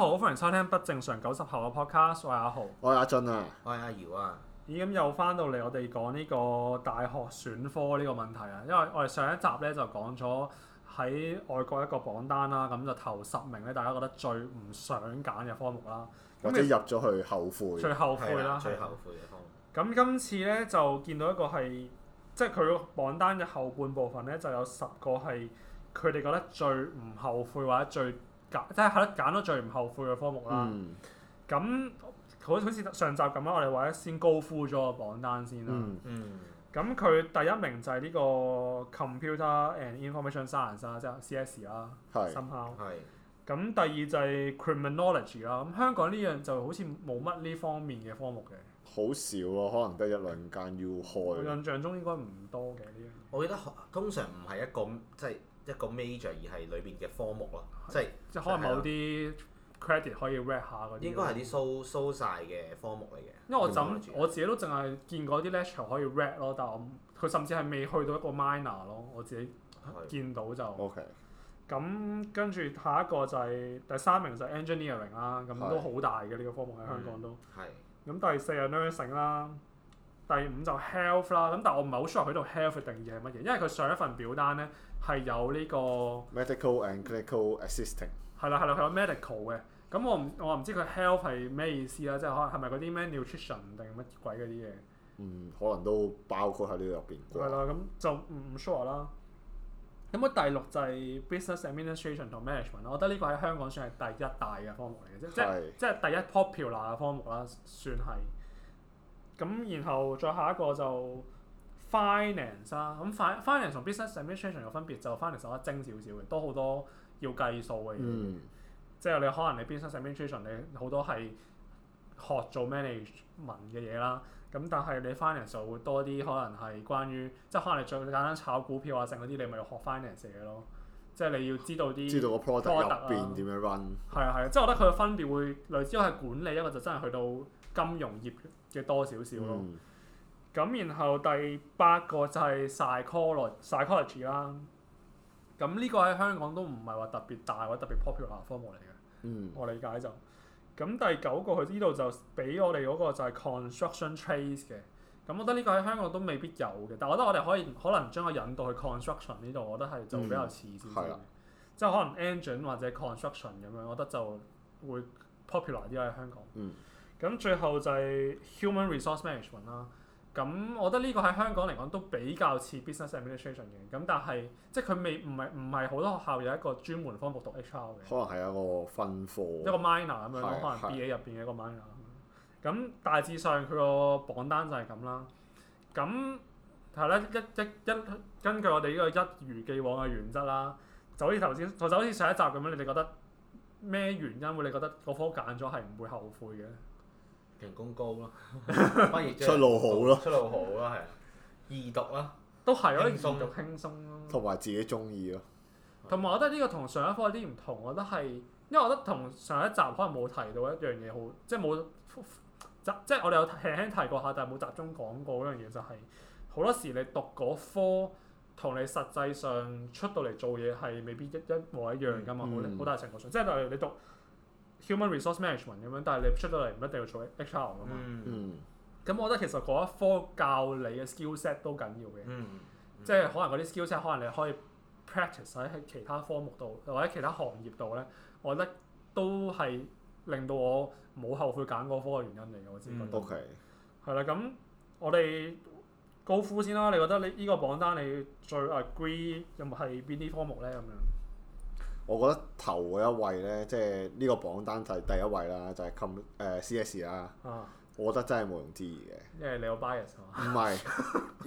好，歡迎收聽不正常九十後嘅 podcast，我係阿豪，我係阿俊啊，我係阿堯啊。咦，咁又翻到嚟，我哋講呢個大學選科呢個問題啊。因為我哋上一集咧就講咗喺外國一個榜單啦，咁就頭十名咧，大家覺得最唔想揀嘅科目啦，你或者入咗去後悔，最後悔啦、啊，最後悔嘅科目。咁今次咧就見到一個係，即係佢榜單嘅後半部分咧，就有十個係佢哋覺得最唔後悔或者最。即係係咯，揀到最唔後悔嘅科目啦。咁、嗯、好好似上集咁啦，我哋或者先 go through 咗個榜單先啦。咁佢、嗯嗯、第一名就係呢個 computer and information science 啦，即係 C.S. 啦，深烤。咁第二就係 criminology 啦。咁香港呢樣就好似冇乜呢方面嘅科目嘅。好少咯、啊，可能得一兩間要開。我印象中應該唔多嘅呢樣。這個、我記得通常唔係一個即係。就是一個 major 而係裏邊嘅科目咯，是即係是即係可能某啲 credit 可以 read 下嗰啲，應該係啲 show show 曬嘅科目嚟嘅。因為我諗嗎我自己都淨係見過啲 lecture 可以 read 咯，但係我佢甚至係未去到一個 minor 咯。我自己見到就 OK。咁跟住下一個就係、是、第三名就係 engineering 啦，咁都好大嘅呢個科目喺香港都係。咁第四係 nursing 啦，第五就 health 啦。咁但係我唔係好 sure 佢度 health 嘅定義係乜嘢，因為佢上一份表單咧。係有呢個 medical and clinical assisting 係啦，係啦，係有 medical 嘅。咁我唔我唔知佢 health 係咩意思啦、啊，即係可能係咪嗰啲咩 nutrition 定乜鬼嗰啲嘢？嗯，可能都包括喺呢度入邊。係啦，咁就唔 sure 啦。咁第六就係 business administration 同 management，我覺得呢個喺香港算係第一大嘅科目嚟嘅，即即即第一 popular 嘅科目啦，算係。咁然後再下一個就。finance 啦、啊，咁 finance 同 business administration 有分別，就係、finance 就一精少少嘅，都好多要計數嘅嘢。嗯、即係你可能你 business administration 你好多係學做 management 嘅嘢啦，咁但係你 finance 就會多啲可能係關於，即係可能你最簡單炒股票啊剩嗰啲，你咪要學 finance 嘅嘢咯。即係你要知道啲。知道個 product 入邊點樣 run？係啊係啊，即係我覺得佢嘅分別會類似，一個係管理，一個就真係去到金融業嘅多少少咯。嗯。咁然後第八個就係 psychology 啦。咁、這、呢個喺香港都唔係話特別大或者特別 popular 科目嚟嘅。嗯、我理解就。咁第九個佢呢度就俾我哋嗰個就係 construction trace 嘅。咁我覺得呢個喺香港都未必有嘅，但我覺得我哋可以可能將佢引導去 construction 呢度，我覺得係就比較似啲嘅。即係、嗯、可能 engine 或者 construction 咁樣，我覺得就會 popular 啲喺香港。嗯。咁最後就係 human resource management 啦。咁我覺得呢個喺香港嚟講都比較似 business administration 嘅，咁但係即係佢未唔係唔係好多學校有一個專門科目讀 HR 嘅，可能係一個分科，一個 minor 咁樣咯，可能 BA 入邊嘅一個 minor 咁，大致上佢個榜單就係咁啦。咁係咧，一一一根據我哋呢個一如既既往嘅原則啦，就好似頭先，就好似上一集咁樣，你哋覺得咩原因會你覺得嗰科揀咗係唔會後悔嘅？人工高咯， 反而、就是、出路好咯，出路好咯，係 易讀啦、啊，都係咯，易讀輕鬆咯、啊，同埋自己中意咯。同埋我覺得呢個同上一科有啲唔同，我覺得係，因為我覺得同上一集可能冇提到一樣嘢，好即係冇即係我哋有輕輕提過下，但係冇集中講過嗰樣嘢，就係、是、好多時你讀嗰科同你實際上出到嚟做嘢係未必一一模一樣㗎嘛，好好、嗯、大程度上，嗯、即係例如你讀，human resource management 咁樣，但係你出到嚟唔一定要做 HR 啊、嗯、嘛。咁、嗯、我覺得其實嗰一科教你嘅 skill set 都緊要嘅。嗯、即係可能嗰啲 skill set，可能你可以 practice 喺喺其他科目度，或者其他行業度咧，我覺得都係令到我冇後悔揀嗰科嘅原因嚟嘅，我自己覺得。嗯，都、okay. 係。係啦，咁我哋 go through 先啦。你覺得你呢個榜單你最 agree 有冇係邊啲科目咧？咁樣。我覺得頭一位咧，即係呢個榜單就係第一位啦，就係、是、咁誒 CS 啦。啊、我覺得真係毋庸置疑嘅。因為你有 bias 嘛、啊。唔係是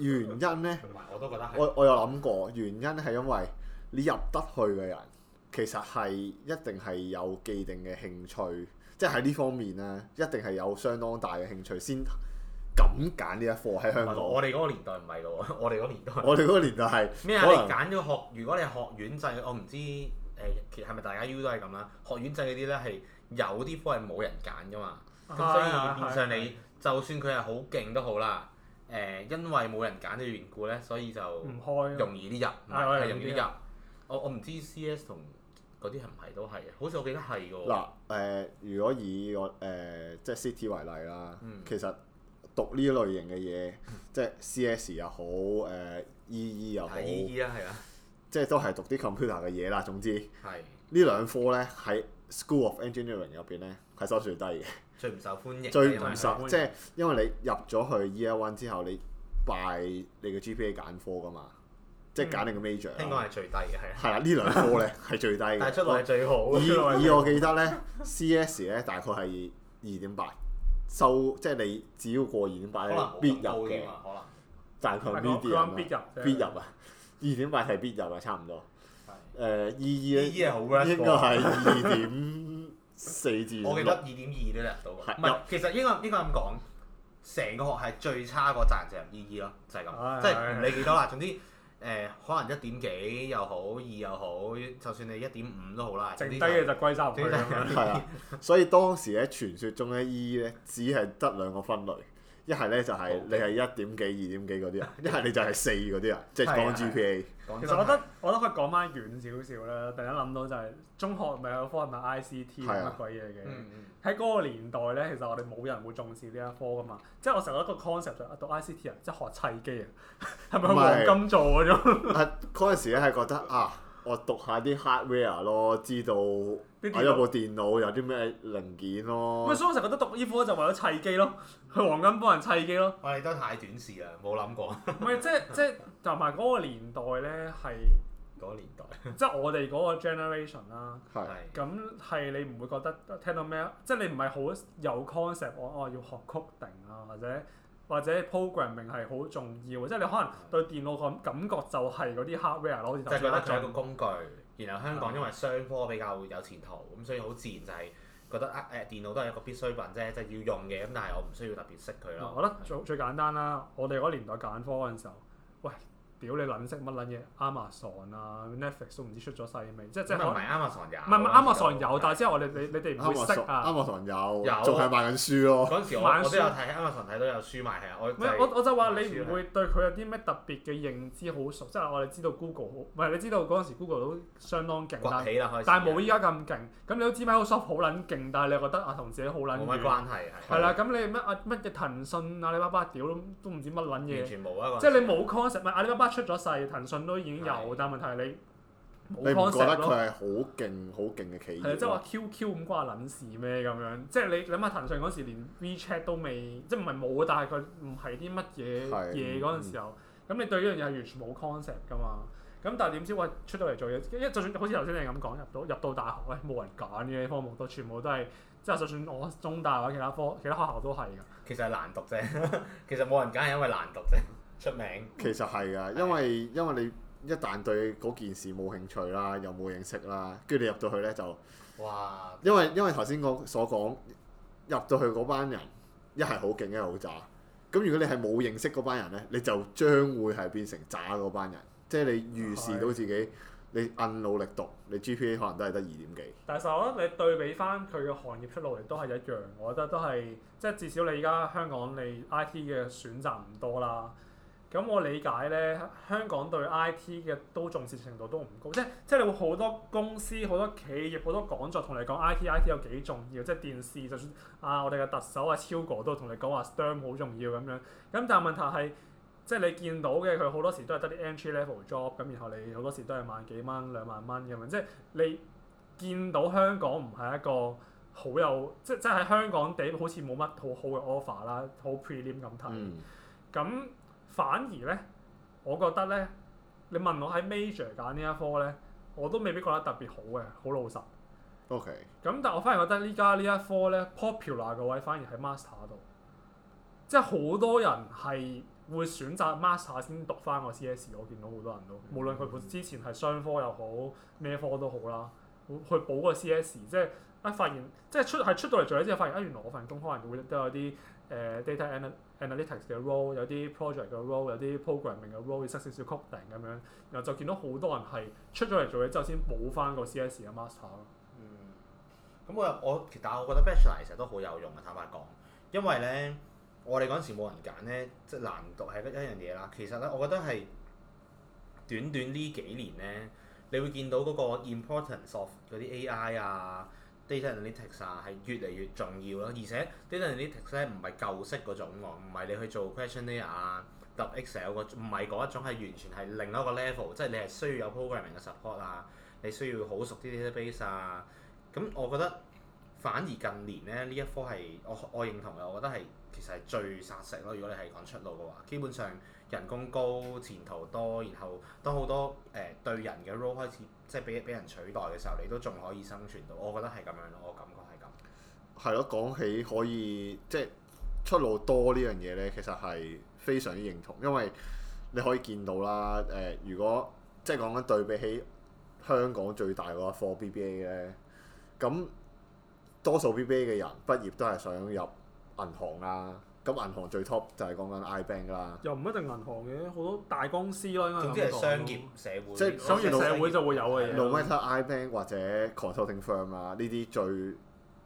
原因咧呢，我都覺得係。我我有諗過，原因係因為你入得去嘅人，其實係一定係有既定嘅興趣，即係喺呢方面咧，一定係有相當大嘅興趣先咁揀呢一科喺香港。我哋嗰個年代唔係咯，我哋嗰個年代。我哋嗰個年代係咩啊？我哋揀咗學，如果你係學院制，我唔知。誒其實係咪大家 U 都係咁啦？學院制嗰啲咧係有啲科係冇人揀㗎嘛，咁的所以變相你就算佢係好勁都好啦。誒、呃，因為冇人揀嘅緣故咧，所以就唔開，容易啲入，係容易啲入。的我我唔知 CS 同嗰啲係唔係都係，好似我記得係喎。嗱誒、呃呃，如果以我誒、呃、即係 CT 為例啦，其實讀呢類型嘅嘢，嗯、即係 CS 又好，誒、呃、EE 又好，EE 啊，係啊。即係都係讀啲 computer 嘅嘢啦。總之，呢兩科咧喺 School of Engineering 入邊咧係收數最低嘅，最唔受歡迎，最唔受即係因為你入咗去 Year One 之後，你拜你個 GPA 揀科噶嘛，即係揀你個 major。應該係最低嘅，係啊。係呢兩科咧係最低嘅。但出嚟最好。以以我記得咧，CS 咧大概係二點八，收即係你只要過二點八咧，必入嘅。可能。大概係 median 啊。必入必入啊！二點八係必入啊，差唔多。誒，E E 咧，E E 係好嘅，應該係二點四至。我記得二點二都入到。唔係，其實應該應該咁講，成個學係最差個責任就係 E E 咯，就係咁，即係唔理幾多啦。總之誒，可能一點幾又好，二又好，就算你一點五都好啦。剩低嘅就歸三唔。所以當時咧傳説中咧 E E 咧只係得兩個分類。一係咧就係你係一點幾二點幾嗰啲啊，一係你就係四嗰啲啊， 即係講 GPA，講其實我覺得 我覺得可以講翻遠少少啦。突然間諗到就係中學咪有科係咪 I C T 乜鬼嘢嘅？喺嗰、嗯、個年代咧，其實我哋冇人會重視呢一科噶嘛。即係我成日一個 concept 就讀 I C T 啊，即係學砌機啊，係咪黃金做嗰種？係嗰是、 uh, 時咧係覺得啊，我讀下啲 hardware 咯，知道。睇有部電腦、哎、有啲咩零件咯？咪、嗯、所以我成日覺得讀呢科就為咗砌機咯，去黃金幫人砌機咯。我哋、哎、都太短視啦，冇諗過。唔 係即係即係，同埋嗰個年代咧係嗰個年代，即係 我哋嗰個 generation 啦是。係咁係你唔會覺得聽到咩？即係你唔係好有 concept 我、哦、要學 coding 啊，或者或者 programming 係好重要。即係你可能對電腦個感覺就係嗰啲 hardware 咯，就，就，就覺得做一個工具。然後香港因為商科比較有前途，咁所以好自然就係覺得啊誒電腦都係一個必需品啫，就係、是、要用嘅，咁但係我唔需要特別識佢咯。我覺得最最簡單啦，我哋嗰年代揀科嗰陣時候，喂。屌你撚識乜撚嘢？Amazon 啊，Netflix 都唔知出咗世未？即即係咪？唔係 Amazon 有，唔係唔係 Amazon 有，但係之後我哋，你你哋唔會識啊。Amazon 有，有仲係賣緊書咯。嗰時我我都有睇 Amazon 睇到有書賣係啊。我、唔係、我，我就話你唔會對佢有啲咩特別嘅認知好熟，即係我哋知道 Google 好。唔係你知道嗰陣時 Google 都相當勁，但係冇依家咁勁。咁你都知 Microsoft 好撚勁，但你勁係你覺得啊，同自己好撚冇乜關係係啦。咁你乜啊乜嘢騰訊、阿里巴巴屌都唔知乜撚嘢，完全冇啊！即係、啊、你冇 concept，咪阿里巴巴。出咗世，騰訊都已經有。係，但問題係你冇 concept 咯。你唔覺得佢係好勁、好勁嘅企業？係即係話 QQ 咁關我撚事咩咁樣？即係你諗下騰訊嗰時連 WeChat 都未，即係唔係冇，但係佢唔係啲乜嘢嘢嗰陣時候。咁、嗯、你對呢樣嘢係完全冇 concept 噶嘛？咁但係點知我、哎、出到嚟做嘢，因一就算好似頭先你咁講，入到入到大學咧冇、哎、人揀嘅科目都全部都係，即係就算我中大或者其他科其他學校都係㗎。其實係難讀啫，其實冇人揀係因為難讀啫。出名其實係㗎，嗯、因為因為你一旦對嗰件事冇興趣啦，又冇認識啦，跟住你入到去呢就哇！因為因為頭先我所講入到去嗰班人，一係好勁，一係好渣。咁如果你係冇認識嗰班人呢，你就將會係變成渣嗰班人。即係你預視到自己，的你奀努力讀，你 GPA 可能都係得二點幾。但係我覺得你對比翻佢嘅行業出路嚟都係一樣，我覺得都係即係至少你而家香港你 IT 嘅選擇唔多啦。咁我理解咧，香港對 I T 嘅都重視程度都唔高，即即你會好多公司、好多企業、好多講座同你講 I T I T 有幾重要，即係電視就算啊，我哋嘅特首啊，超哥都同你講話 STEM 好重要咁樣。咁但係問題係，即係你見到嘅佢好多時都係得啲 entry level job，咁然後你好多時都係萬幾蚊、兩萬蚊咁樣，即係你見到香港唔係一個好有，即即係喺香港地好似冇乜好好嘅 offer 啦，好 premium 咁睇，咁、嗯。反而咧，我覺得咧，你問我喺 major 揀呢一科咧，我都未必覺得特別好嘅，好老實。OK。咁但係我反而覺得呢家呢一科咧，popular 嘅位反而喺 master 度，即係好多人係會選擇 master 先讀翻個 CS。我見到好多人都，無論佢之前係雙科又好，咩科都好啦，去補個 CS，即係一發現，即係出係出到嚟做嘢之後，發現哎原來我份工可能會都有啲誒、呃、data analyst analytics 嘅 role 有啲 project 嘅 role 有啲 programming 嘅 role 要識少少 coding 咁樣，然後就見到好多人係出咗嚟做嘢之後先補翻個 C.S. 嘅 master。嗯，咁我又我，但係我覺得 Bachelor 其實都好有用嘅，坦白講，因為咧我哋嗰陣時冇人揀咧，即係難度係一一樣嘢啦。其實咧，我覺得係短短呢幾年咧，你會見到嗰個 importance of 嗰啲 AI 啊。Data analytics 啊，係越嚟越重要咯，而且 data analytics 咧唔係舊式嗰種喎，唔係你去做 questionnaire 啊、揼 Excel 個，唔係嗰一種，係完全係另一個 level，即係你係需要有 programming 嘅 support 啊，你需要好熟啲 database 啊，咁我覺得反而近年咧呢一科係我我認同嘅，我覺得係其實係最殺食咯，如果你係講出路嘅話，基本上。人工高、前途多，然後都好多誒、呃、對人嘅 role 開始即係俾俾人取代嘅時候，你都仲可以生存到。我覺得係咁樣咯，我感覺係咁。係咯，講起可以即係出路多呢樣嘢咧，其實係非常之認同，因為你可以見到啦。誒、呃，如果即係講緊對比起香港最大嗰個科 BBA 咧，咁多數 BBA 嘅人畢業都係想入銀行啊。咁銀行最 top 就係講緊 iBank 啦，又唔一定銀行嘅，好多大公司啦，嗰啲商業社會，即係商業社會就會有嘅嘢、啊。Nova 呢、no iBank 或者 consulting firm 啦、啊，呢啲最誒、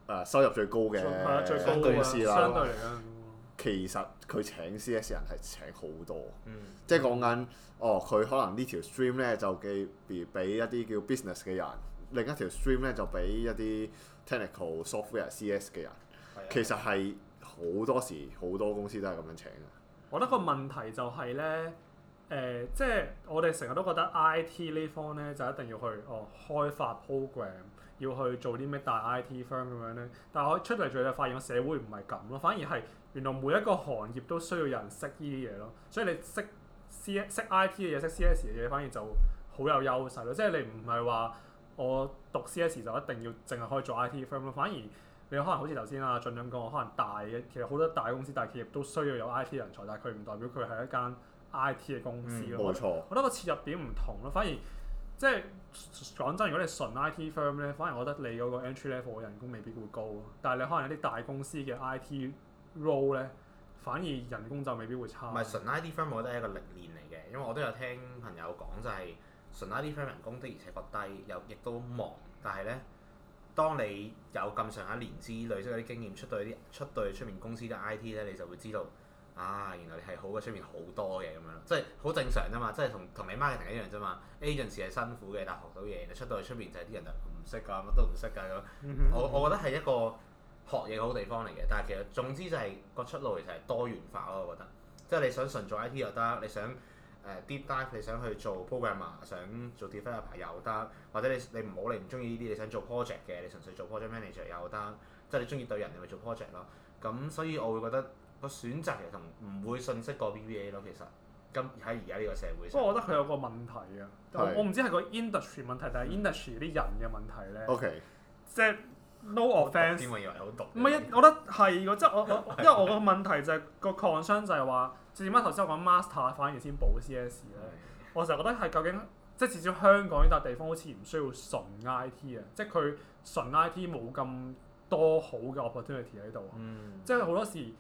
呃、收入最高嘅公司啦。相對嚟講其實佢請 CS 人係請好多，即係講緊哦，佢可能呢條 stream 咧就記，譬如俾一啲叫 business 嘅人，另一條 stream 咧就俾一啲 technical software CS 嘅人，嗯嗯、其實係。好多時好多公司都係咁樣請嘅。我覺得個問題就係呢，誒、呃，即係我哋成日都覺得 I T 呢方呢，就一定要去哦開發 program，要去做啲咩大 I T firm 咁樣呢。但係我出嚟之後發現，個社會唔係咁咯，反而係原來每一個行業都需要有人識呢啲嘢咯。所以你識 C 識 I T 嘅嘢，識 C S 嘅嘢，反而就好有優勢咯。即係你唔係話我讀 C S 就一定要淨係可以做 I T firm 咯，反而。你可能好似頭先阿俊嶺講，可能大嘅其實好多大公司、大企業都需要有 IT 人才，但係佢唔代表佢係一間 IT 嘅公司咯。冇、嗯、錯，我覺得個切入點唔同咯。反而即係講真，如果你純 IT firm 咧，反而我覺得你嗰個 entry level 嘅人工未必會高。但係你可能有啲大公司嘅 IT role 咧，反而人工就未必會差。唔係純 IT firm，我覺得係一個歷練嚟嘅，因為我都有聽朋友講就係、是、純 IT firm 人工的而且確低，又亦都忙，但係咧。當你有咁上下年資，累積啲經驗出到去啲出到去出面公司嘅 I T 咧，你就會知道啊，原來你係好過出面好多嘅，咁樣，即係好正常啫嘛，即係同同你媽嘅情況一樣啫嘛。agency 係辛苦嘅，但學到嘢，你出到去出面就係啲人就唔識㗎，乜都唔識㗎咁。我我覺得係一個學嘢好地方嚟嘅，但係其實總之就係個出路其實係多元化咯。我覺得即係你想純做 I T 又得，你想。誒 deep dive 你想去做 programmer，想做 developer，又得，或者你你唔好你唔中意呢啲，你想做 project 嘅，你純粹做 project manager 又得，即係你中意對人你咪做 project 咯。咁、嗯、所以我會覺得個選擇其實同唔會信息過 BBA 咯，其實咁喺而家呢個社會。不過我覺得佢有個問題啊是，我唔知係個 industry 問題定係是 industry 啲人嘅問題咧。O K，即係 no offense 啲人以為好毒。唔係，我覺得係即係我我因為我個問題就係個 concern 就係話。 至頭先我講 master 反而先補 CS 咧，我成日覺得係究竟即係至少香港呢笪地方好似唔需要純 IT 啊，即係佢純 IT 冇咁多好嘅 opportunity 喺度，嗯、即係好多時誒，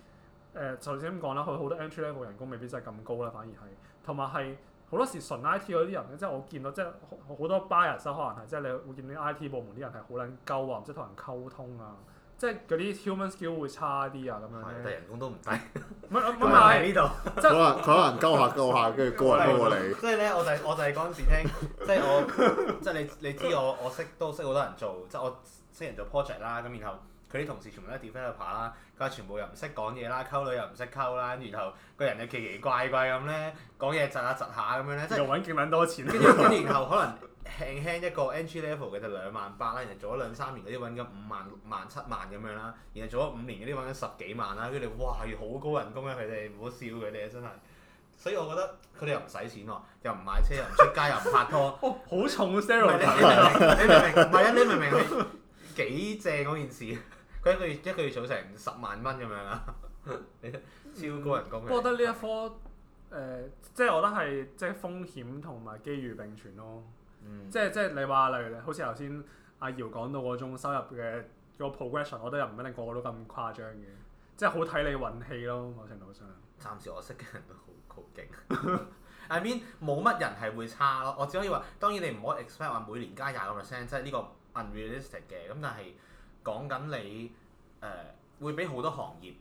就頭先咁講啦，佢好多 entry level 人工未必真係咁高啦，反而係同埋係好多時純 IT 嗰啲人咧，即係我見到即係好多 bias，可能係即係你會見啲 IT 部門啲人係好撚鳩啊，唔識同人溝通啊。即係嗰啲 human skill 會差啲啊，咁樣但係人工都唔低。唔係唔喺呢度，即係佢可能溝 下溝下，跟住過嚟。過你。所以咧，我就我就係嗰陣時聽，即係我即係 你你知我我識都識好多人做，即係我識人做 project 啦，咁然後佢啲同事全部都 developer 啦，佢全部又唔識講嘢啦，溝女又唔識溝啦，然後個人又奇奇怪怪咁咧，講嘢窒下窒下咁樣咧，即係又揾勁撚多錢，跟住跟住，然後可能……輕輕一個 entry level 嘅就兩萬八啦，然後做咗兩三年嗰啲揾緊五萬六萬七萬咁樣啦，然後做咗五年嗰啲揾緊十幾萬啦，佢哋哇好高人工啊！佢哋唔好笑佢哋、啊、真係。所以我覺得佢哋又唔使錢喎、啊，又唔買車，又唔出街，又唔拍拖，好、 哦、重啊！Sarah，是 你明唔 明？唔係 啊，你明唔明佢幾正嗰件事？佢一個月一個月儲成十萬蚊咁樣啊， 超高人工、啊。嗯、 我覺得呢一科誒，即、呃、係、就是、我覺得係即係風險同埋機遇並存咯。嗯、即係即係，你話例如好似頭先阿姚講到嗰種收入嘅、嗰個 progression，我覺得又唔一定個個都咁誇張嘅，即係好睇你運氣咯。某程度上，暫時我識嘅人都好好勁。 I mean 冇乜人係會差咯。我只可以話，當然你唔可以 expect 話每年加廿個 percent，即係呢個 unrealistic 嘅。咁但係講緊你誒、呃、會比好多行業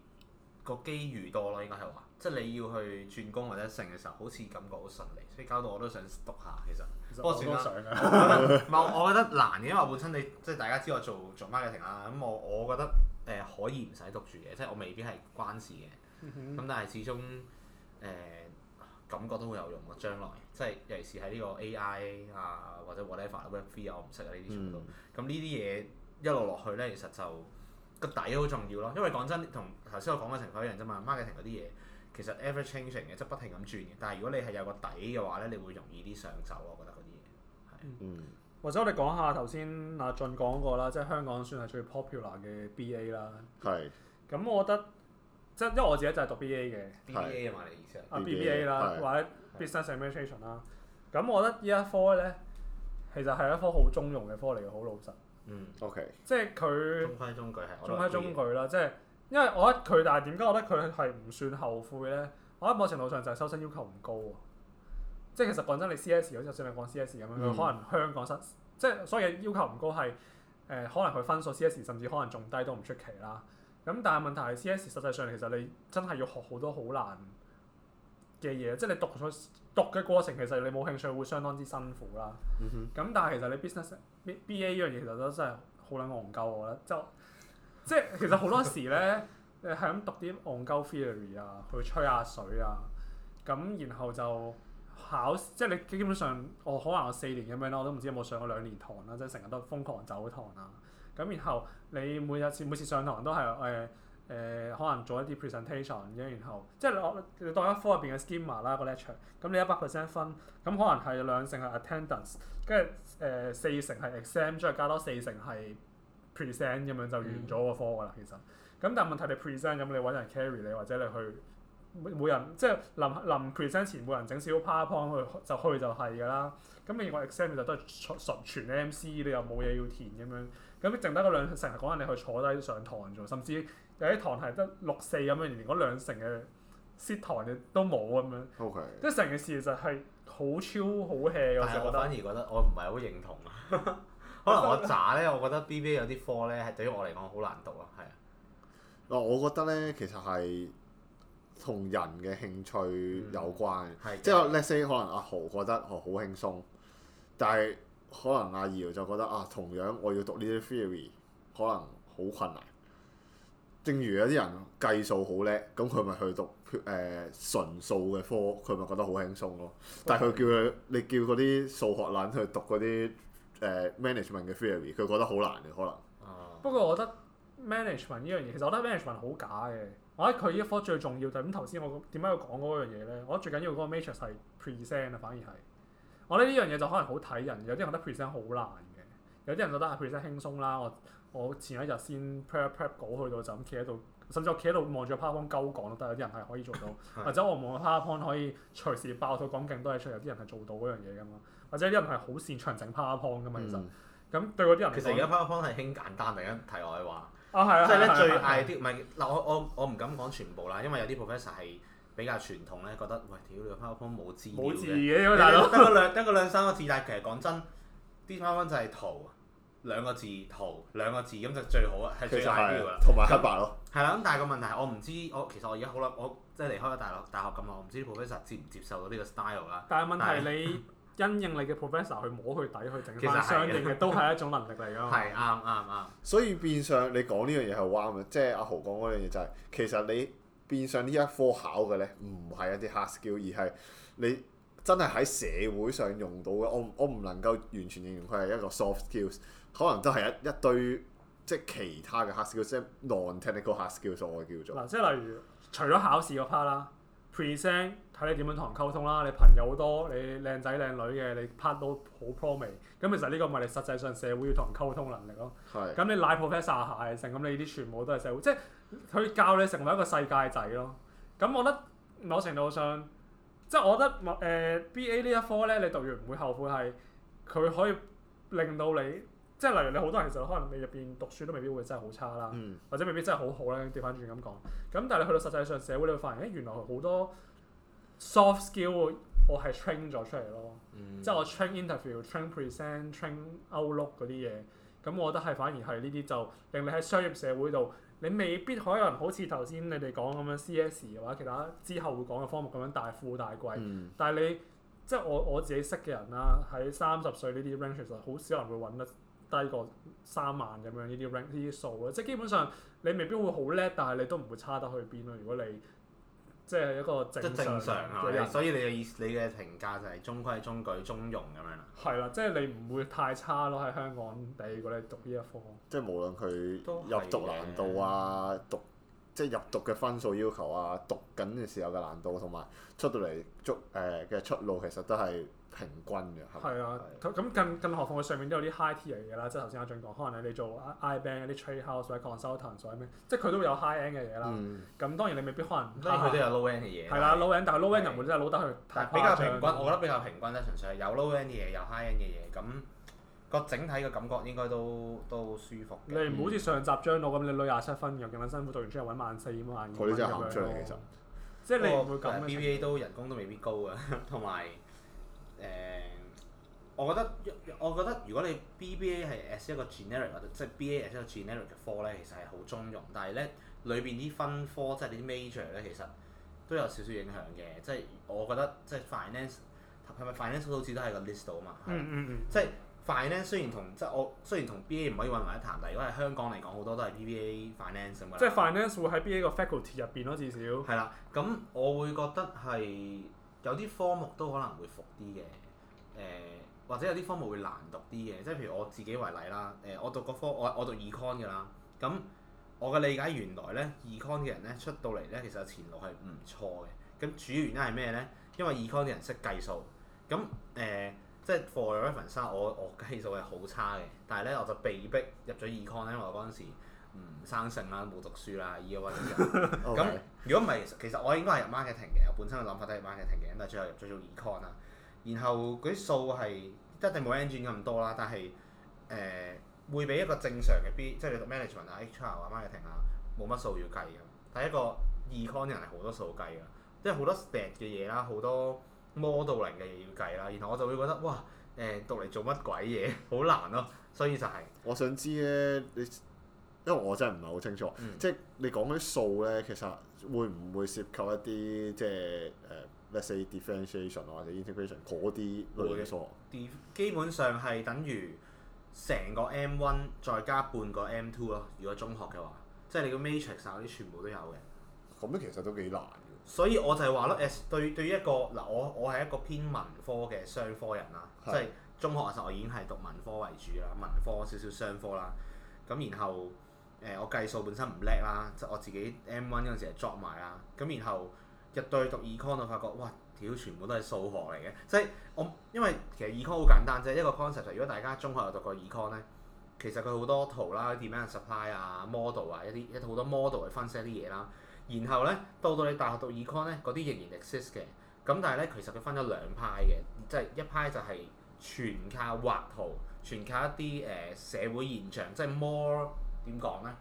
個機遇多咯，應該係話。即係你要去轉工或者剩嘅時候，好似感覺好順利，所以搞到我都想讀下其實。不過算啦， 我覺得難嘅，因為本身你即係大家知我做做 marketing 啦。咁我我覺得誒、呃、可以唔使讀住嘅，即係我未必關係關事嘅。咁、嗯、哼但係始終誒、呃、感覺都會有用嘅。將來即係尤其是喺呢個 A.I. 啊或者 whatever，Web3 啊，我唔識啊，呢啲全部都咁，呢啲嘢一路落去咧，其實就個底好重要咯。因為講真，同頭先我講嘅情況一樣啫嘛。marketing 嗰啲嘢其實 ever changing 嘅，即係不停咁轉嘅。但係如果你係有個底嘅話咧，你會容易啲上手。我覺得。嗯，或者我哋講下頭先阿俊講過啦，即、就、係、是、香港算係最 popular 嘅 B A 啦。係是，咁我覺得即係因為我自己就係讀 BA B A 嘅 B B A 啊嘛，你意思啊？B BA B A 啦，是或者 Business Administration 啦。咁是我覺得一呢一科咧，其實係一科好中庸嘅科嚟嘅，好老實。嗯，O K。Okay, 即係佢中規中矩係，中規中矩啦。即係、就是，因為我覺得佢，但係點解我覺得佢係唔算後悔嘅咧？我喺某程度上就係收生要求唔高。即係其實講真，你 C.S.，好似算你講 C.S. 咁樣，佢、嗯、可能香港生，即係所以要求唔高，係、呃、誒可能佢分數 C.S. 甚至可能仲低都唔出奇啦。咁但係問題係 C.S. 實際上其實你真係要學好多好難嘅嘢，即係你讀咗讀嘅過程其實你冇興趣會相當之辛苦啦。咁、嗯、哼但係其實你 business B.B.A. 呢樣嘢其實都真係好撚戇鳩，我覺得就即係其實好多時咧， 你係咁讀啲戇鳩 theory 啊，去吹下水啊，咁然後就。考即係你基本上，我、哦、可能我四年咁樣啦，我都唔知有冇上過兩年堂啦，即係成日都瘋狂走堂啊。咁然後你每日次每次上堂都係誒誒，可能做一啲 presentation 嘅、啊，然後即係你當一科入邊嘅 schema 啦，個 lecture。咁你一百 percent 分，咁可能係兩成係 attendance，跟住誒呃、四成係 exam，再加多四成係 present 咁樣就完咗個科㗎啦。嗯、其實咁但係問題你 present，咁你搵人 carry 你或者你去。每人即係臨臨 present 前，每人整少 PowerPoint 去就去就係㗎啦。咁你如果 exam 就都係純全 MC，你又冇嘢要填咁樣。咁剩得嗰兩成講話，你去坐低上堂做，甚至有啲堂係得六四咁樣，連嗰兩成嘅 sit 堂你都冇咁樣。即係成件事其實係好超好 hea 嘅。係，我反而覺得我唔係好認同。可能我渣咧，我覺得 B B 有啲科咧係對於我嚟講好難讀啊。係啊。嗱、嗯，我覺得咧，其實係。同人嘅興趣有關，嗯、即係 let’s say 可能阿豪覺得好輕鬆，但係可能阿瑤就覺得啊，同樣我要讀呢啲 theory 可能好困難。正如有啲人計數好叻，咁佢咪去讀誒、呃、純數嘅科，佢咪覺得好輕鬆咯。但係佢叫佢你叫嗰啲數學懶去讀嗰啲誒 management 嘅 theory，佢覺得好難嘅可能。啊、不過我覺得 management 呢樣嘢，其實我覺得 management 好假嘅。我喺佢呢一科最重要就係咁頭先，我點解要講嗰樣嘢咧？我覺得最緊要嗰個 matrix 係 present 啊，反而係。我覺得呢樣嘢就可能好睇人，有啲人覺得 present 好難嘅，有啲人覺得 present 輕鬆啦。我我前一日先 prep prep 稿去到就咁企喺度，甚至我企喺度望住個 PowerPoint 鳩講都得。有啲人係可以做到，是的 或者我望個 PowerPoint 可以隨時爆到，講勁多嘢出嚟。有啲人係做到嗰樣嘢噶嘛，或者啲人係好擅長整 PowerPoint 噶嘛，其實。咁、嗯、對嗰啲人其實而家 PowerPoint 係興簡單嚟緊，題外話。即係咧，最 ideal 啲，唔係嗱，我我我唔敢講全部啦，因為有啲 professor 係比較傳統咧，覺得喂，屌你個 powerpoint 冇字冇字嘅，因為大佬，得個兩得個兩三個字，但係其實講真啲 powerpoint 就係圖兩個字圖兩個字，咁就最好係最 ideal 啦，同埋其實最 ideal 黑白咯，係啦。咁但係個問題我唔知，我唔知我其實我而家好耐我即係離開咗大陸大學咁耐，我唔知 professor 接唔接受到呢個 style 啦。但係問題係你。 因應你嘅 professor 去摸去底去整翻相應嘅，都係一種能力嚟㗎嘛。係啱啱啱。 所以變相你講呢樣嘢係啱嘅，即係阿豪講嗰樣嘢就係、是，其實你變相呢一科考嘅咧，唔係一啲 hard skill，而係你真係喺社會上用到嘅。我我唔能夠完全認同佢係一個 soft skills，可能都係一一堆即係其他嘅 hard skills，即係 non-technical hard skills 我叫做。嗱、啊，即係例如除咗考試嗰 part 啦。睇你點樣同人溝通啦，你朋友多，你靚仔靚女嘅，你拍到好 promi，咁其實呢個咪係實際上社會要同人溝通能力咯。咁是的 你 like professor 鞋剩，咁你啲全部都係社會，即係佢教你成為一個世界仔咯。咁我覺得某程度上，即係我覺得誒、呃、BA 一呢一科咧，你讀完唔會後悔係，佢可以令到你。即係例如你好多人其實可能你入邊讀書都未必會真係好差啦，嗯、或者未必真係好好啦。調翻轉咁講，咁但係你去到實際上社會，你會發現，哎，原來好多 soft skill 我係 train 咗出嚟咯。嗯、即係我 train interview、train present tra、train outlook 嗰啲嘢，咁我覺得係反而係呢啲就令你喺商業社會度，你未必可能好似頭先你哋講咁樣 CS 嘅話，其他之後會講嘅科目咁樣大富大貴。嗯、但係你即係我我自己識嘅人啦、啊，喺三十歲呢啲 range 其實好少人會揾得。低過三萬咁樣呢啲 rank 呢啲數咯，即係基本上你未必會好叻，但係你都唔會差得去邊咯。如果你即係一個正常正常係、啊、所以你嘅意你嘅評價就係中規中矩中、中庸咁樣啦。係啦，即係你唔會太差咯。喺香港，第二個你讀呢一科，即係無論佢入讀難度啊，讀，即係入讀嘅分數要求啊，讀緊嘅時候嘅難度同埋出到嚟足誒嘅出路，其實都係平均嘅，係啊。咁更更何況佢上面都有啲 high tier 嘅嘢啦，即係頭先阿俊講，可能你你做 i bank 嗰啲 trade house 或者 consultant，所以咩，即係佢都有 high end 嘅嘢啦。咁當然你未必可能，佢都有 low end 嘅嘢，係啦 low end，但係 low end 人會真係 low 得去。比較平均，我覺得比較平均咧，純粹係有 low end 嘅嘢，有 high end 嘅嘢咁。個整體嘅感覺應該都都舒服。你唔好似上集張老咁，嗯、你攞廿七分又咁辛苦讀完之後揾萬四、萬二咁真係考出其實。我即係你唔會咁 BBA 都人工都未必高嘅，同埋誒，我覺得我覺得如果你 BBA 係 as 一個 general 即係 BA as 一個 general 嘅科咧，其實係好中庸。但係咧裏邊啲分科即係啲 major 咧，其實都有少少影響嘅。即係我覺得即係、就是、finance 係咪 finance 好似都係個 list 度啊嘛？嗯嗯嗯、即係。Finance 雖然同即係我雖然同 BA 唔可以混埋一談，但如果係香港嚟講，好多都係 BBA finance 咁嘅是。即係 finance 會喺 BA 個 faculty 入邊咯？至少係啦。咁我會覺得係有啲科目都可能會複啲嘅。誒、呃、或者有啲科目會難讀啲嘅。即係譬如我自己為例啦。誒、呃、我讀嗰科我我讀 Econ 嘅啦。咁、嗯、我嘅理解原來咧 Econ 嘅人咧，出到嚟，咧其實前路係唔錯嘅。咁、嗯、主要原因係咩咧？因為 Econ 嘅人識計數。咁、嗯、誒。呃即係 for reference，我我計數係好差嘅，但係咧我就被逼入咗 econ 咧，因為嗰陣時唔、嗯、生性啦，冇讀書啦，二温人。咁 Okay. 如果唔係，其實我應該係入 marketing 嘅，我本身嘅諗法都係 marketing 嘅，咁但係最後入咗做 econ 啦。然後嗰啲數係一定冇 engine 咁多啦，但係誒、呃、會比一個正常嘅 B，即係你讀 management 啊、HR 啊、marketing 啊，冇乜數要計嘅。但係一個 econ 人係好多數計㗎，即係好多 stat 嘅嘢啦，好多。魔導靈嘅嘢要計啦，然後我就會覺得哇，誒讀嚟做乜鬼嘢，好 難咯、啊，所以就係、是、我想知咧，你因為我真係唔係好清楚，嗯、即係你講啲數咧，其實會唔會涉及一啲即係誒、呃、let's say differentiation 或者 integration 嗰啲類嘅數？基本上係等於成個 M one 再加半個 M two 咯，如果中學嘅話，即係你個 matrix 嗰啲全部都有嘅。咁樣其實都幾難。所以我就係話咯，對對於一個嗱，我我係一個偏文科嘅商科人啦，的即係中學嘅時候，我已經係讀文科為主啦，文科少少商科啦。咁然後誒、呃，我計數本身唔叻啦，即我自己 M1 嗰陣時係 drop 埋啦。咁然後入到去讀 Econ 就發覺，哇！屌全部都係數學嚟嘅，所以我因為其實 Econ 好簡單啫，一個 concept。如果大家中學有讀過 Econ 咧，其實佢好多圖啦 demand supply 啊，model 啊，一啲好多 model 去分析一啲嘢啦。然後咧，到到你大學讀 Econ 咧，嗰啲仍然 exist 嘅。咁但係咧，其實佢分咗兩派嘅，即係一派就係全靠畫圖，全靠一啲誒、呃、社會現象，即係 more 點講咧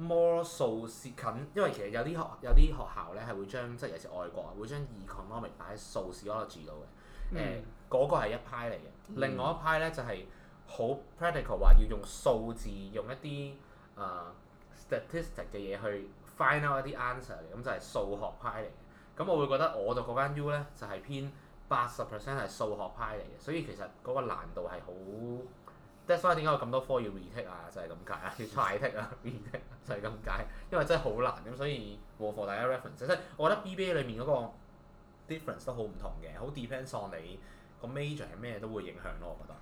，more social、so、接、si、近。因為其實有啲學有啲學校咧係會將即係有時外國會將 economic 擺喺 sociology 嗰度做到嘅。誒、si，嗰、呃嗯、個係一派嚟嘅。另外一派咧就係、是、好 practical，話要用數字，用一啲誒、呃、statistic 嘅嘢去。find out 一啲 answer 嘅，咁就係數學派嚟嘅。咁我會覺得我讀嗰間 U 咧，就係偏八十 percent 係數學派嚟嘅。所以其實嗰個難度係好，即係 That's why 點解我咁多科要 retake 啊？就係咁解，要 try take 啊 retake 就係咁解，因為真係好難。咁所以冇 for 大家 reference，即係我覺得 BBA 裏面嗰個 difference 都好唔同嘅，好 depends on 你個 major 係咩都會影響咯。我覺得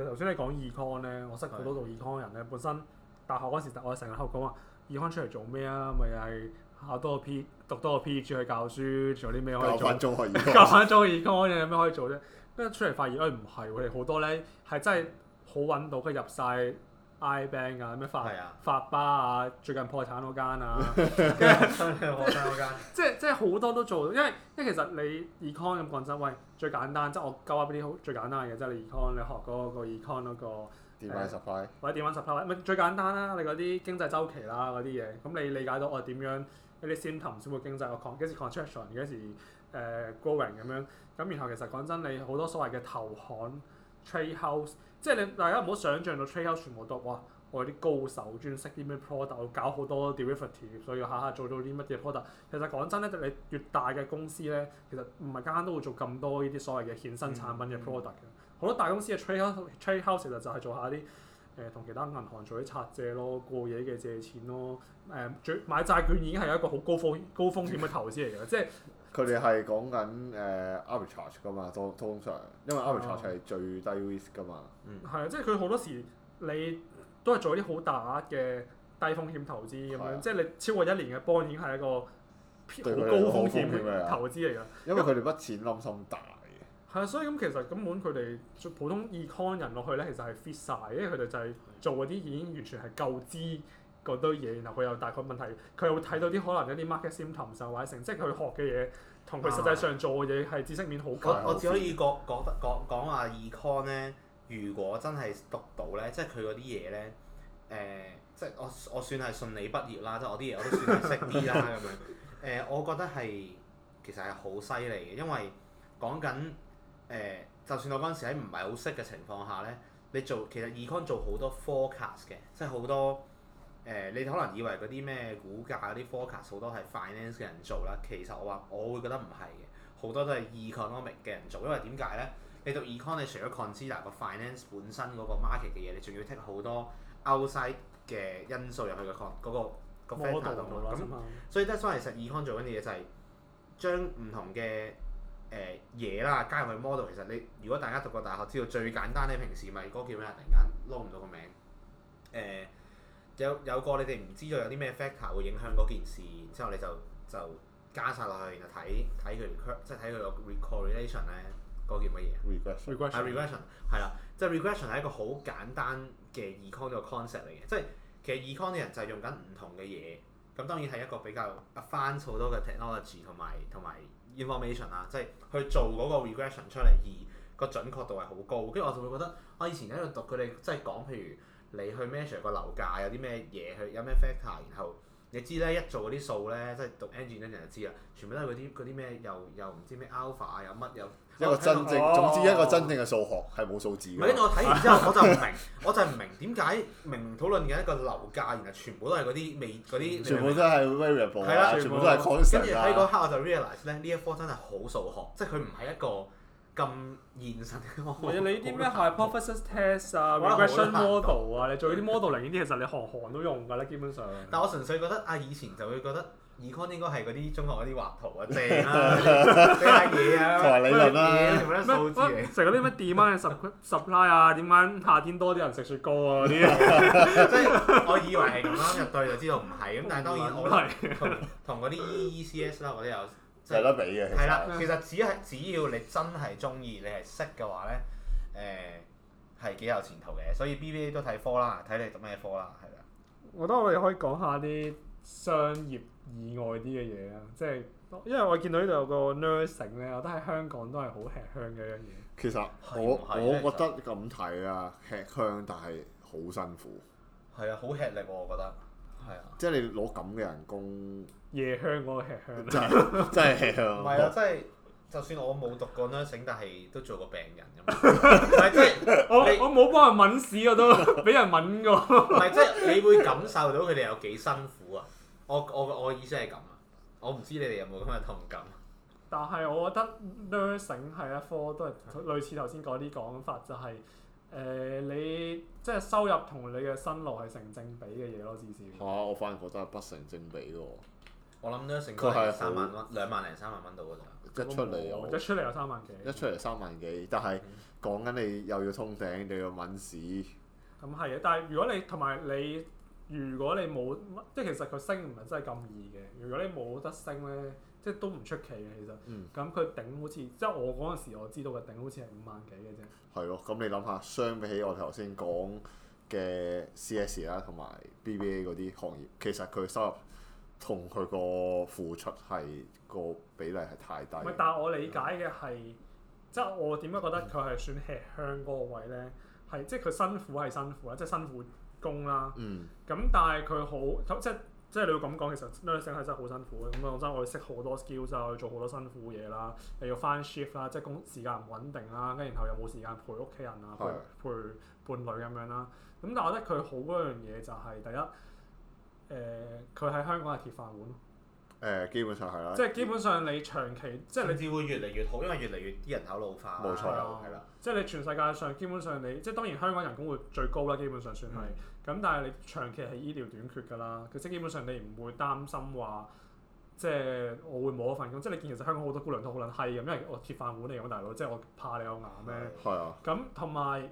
係。頭先你講 Econ 咧，我識好多度 Econ 人咧，本身大學嗰時我成日喺度講話。Econ 出嚟做咩啊？咪又係考多個 P，讀多個 P，轉去教書，做啲咩可以做？教翻中 Econ，o n 留翻中 Econ 有咩可以做啫？跟住出嚟發現，哎唔係喎，你好多咧係真係好揾到，佢入晒 I bank 啊，咩發發巴啊，最近破產嗰間啊，破產嗰間。即即好多都做，因為因為其實你 Econ o n 咁講真，喂最簡單，即我教下你好最簡單嘅嘢，即你 Econ，你學嗰個 Econ 嗰個。點揾十塊？或者點揾十塊？咪最簡單啦！你嗰啲經濟周期啦，嗰啲嘢，咁你理解到我點樣？你啲 symptom 小貿經濟，我 contr 幾時 contraction，幾時誒 growing 咁樣？咁然後其實講真，你好多所謂嘅投行、trade house，即係你大家唔好想象到 trade house 全部都哇，我係啲高手，專識啲咩 product，搞好多 derivative，所以我下下做到啲乜嘢 product。其實講真咧，你越大嘅公司咧，其實唔係間間都會做咁多呢啲所謂嘅衍生產品嘅 product 嘅。好多大公司嘅 trade house，trade house 其實就係做下啲誒同其他銀行做啲拆借咯，過夜嘅借錢咯，誒、呃、最買債券已經係一個好高風 高風險嘅投資嚟嘅，即係佢哋係講緊誒、呃、arbitrage 㗎嘛，通通常因為 arbitrage 係最低 risk 㗎嘛，啊、嗯，係啊，即係佢好多時你都係做一啲好大額嘅低風險投資，咁樣，即係你超過一年嘅 bond 已經係一個好高風險嘅投資嚟㗎，因為佢哋筆錢冧心大。係，啊、所以咁其實根本佢哋普通 Econ 人落去咧，其實係 fit 晒，因為佢哋就係做嗰啲已經完全係舊知嗰堆嘢，然後佢又大概問題，佢又會睇到啲可能一啲 market symptoms 或者成，即係佢學嘅嘢同佢實際上做嘅嘢係知識面好我只我 可以講講講講話 Econ 咧，如果真係讀到咧，即係佢嗰啲嘢咧，誒，即係我我算係順利畢業啦，即係我啲嘢我都算係識啲啦咁 樣。誒，我覺得係其實係好犀利嘅，因為講緊。誒、呃，就算我嗰陣時喺唔係好識嘅情況下咧，你做其實 Econ 做好多 forecast 嘅，即係好多誒、呃，你可能以為嗰啲咩股價嗰啲 forecast 好多係 finance 嘅人做啦，其實我話我會覺得唔係嘅，好多都係 Economic 嘅人做，因為點解咧？你讀 Econ，你除咗 consider 個 finance 本身嗰個 market 嘅嘢，你仲要剔好多 outside 嘅因素入去 con、嗰個 con 嗰、嗰個 factor 度，咁所以即係所以，其實 Econ 做緊嘅嘢就係將唔同嘅。誒嘢、呃、啦，加入去 model 其實你如果大家讀過大學知道最簡單你平時咪嗰個叫咩突然間撈唔到個名誒，有有個你哋唔知道有啲咩 factor 會影響嗰件事，之後你就就加晒落去，然後睇睇佢即係睇佢個 recorrelation 咧，嗰叫乜嘢？Regression，Regression 係啦，即係 Regression 係一個好簡單嘅 Econ 嘅 concept 嚟嘅，即係其實 Econ 人就係用緊唔同嘅嘢，咁當然係一個比較 advanced 好多嘅 technology 同埋同埋。information 啊，即係去做嗰個 regression 出嚟，而個準確度係好高，跟住我就會覺得，我以前喺度讀佢哋即係講，譬如你去 measure 個樓價有啲咩嘢，有咩 factor，然後你知咧一做嗰啲數咧，即係讀 engine 咧，人就知啦，全部都係嗰啲嗰啲咩又又唔知咩 alpha 又乜又。一個真正總之一個真正嘅數學係冇數字嘅。唔係，我睇完之後我就唔明，我就唔明點解明明討論緊一個樓價，然後全部都係嗰啲未嗰啲。全部都係 variable。係啦，全部都係 concept 啦。跟住喺嗰刻我就 realise 咧，呢一科真係好數學，即係佢唔係一個咁現實嘅科目。其實你啲咩係 hypothesis test 啊，regression model 啊，你做嗰啲 model 嚟呢啲，其實你行行都用㗎啦，基本上。但係我純粹覺得，阿以前就會覺得。Econ 應該係嗰啲中學嗰啲畫圖啊，正啊，啲乜嘢啊，財理論啦，做數字食成嗰啲乜點樣 supply 啊？點樣夏天多啲人食雪糕啊？嗰啲， 即係我以為係咁啦，入到就知道唔係。咁但係當然好係同同嗰啲 EECS 啦，嗰啲有，即係得比嘅。係啦，其實只係對 只要你真係中意，你係識嘅話咧，誒、呃、係幾有前途嘅。所以 BBA 都睇科啦，睇你讀咩科啦，係啦。我覺得我哋可以講下啲商業。意外啲嘅嘢啦，即係，因為我見到呢度有個 nursing 咧，我覺得喺香港都係好吃香嘅一樣嘢。其實我是是我覺得咁睇啊，吃香但係好辛苦。係啊，好吃力、啊、我覺得。係啊。即係你攞咁嘅人工，夜香嗰個吃香，真係吃香。唔係啊，即係就算我冇讀過 nursing，但係都做過病人㗎嘛。唔係即係我我冇幫人揾屎我都俾 人揾過。唔係即係你會感受到佢哋有幾辛苦啊？我我我意思係咁啊，我唔知你哋有冇咁嘅同感。但係我覺得 nursing 係一科都係類似頭先講啲講法，就係、是、誒、呃、你即係收入同你嘅薪勞係成正比嘅嘢咯，至少。嚇、啊！我反而覺得係不成正比嘅。我諗 nursing 佢係三萬蚊，兩萬零三萬蚊到嗰咋。麼一出嚟一出嚟有三萬幾。一出嚟三萬幾，但係講緊你又要通頂，又要揾屎。咁係啊！但係如果你同埋你。你如果你冇，即係其實佢升唔係真係咁易嘅。如果你冇得升咧，即係都唔出奇嘅。其實，咁佢、嗯、頂好似，即係我嗰陣時我知道嘅頂好似係五萬幾嘅啫。係咯，咁你諗下，相比起我頭先講嘅 CS 啦同埋 BBA 嗰啲行業，其實佢收入同佢個付出係個比例係太低。唔係，但係我理解嘅係，嗯、即係我點解覺得佢係算吃香嗰個位咧？係，即係佢辛苦係辛苦啦，即係辛苦。工啦，咁、嗯、但係佢好，即即係你要咁講，其實 nursing 真係好辛苦嘅。咁講真，我要識好多 skills 啊，我要做好多辛苦嘢啦，又要翻 shift 啦，即係工時間唔穩定啦，跟然後又冇時間陪屋企人啊，陪是的 陪伴侶咁樣啦。咁但係我覺得佢好嗰樣嘢就係、是、第一，誒、呃，佢喺香港係鐵飯碗。誒基本上係啦，即係基本上你長期、嗯、即係你只會越嚟越好，因為越嚟越啲人口老化，冇錯，係啦。即係你全世界上基本上你即係當然香港人工會最高啦，基本上算係。咁、嗯、但係你長期係醫療短缺㗎啦，即基本上你唔會擔心話即係我會冇一份工。即係你見其實香港好多姑娘都好撚閪嘅，因為我鐵飯碗嚟咁大佬，即係我怕你有牙咩的？係啊麼。咁同埋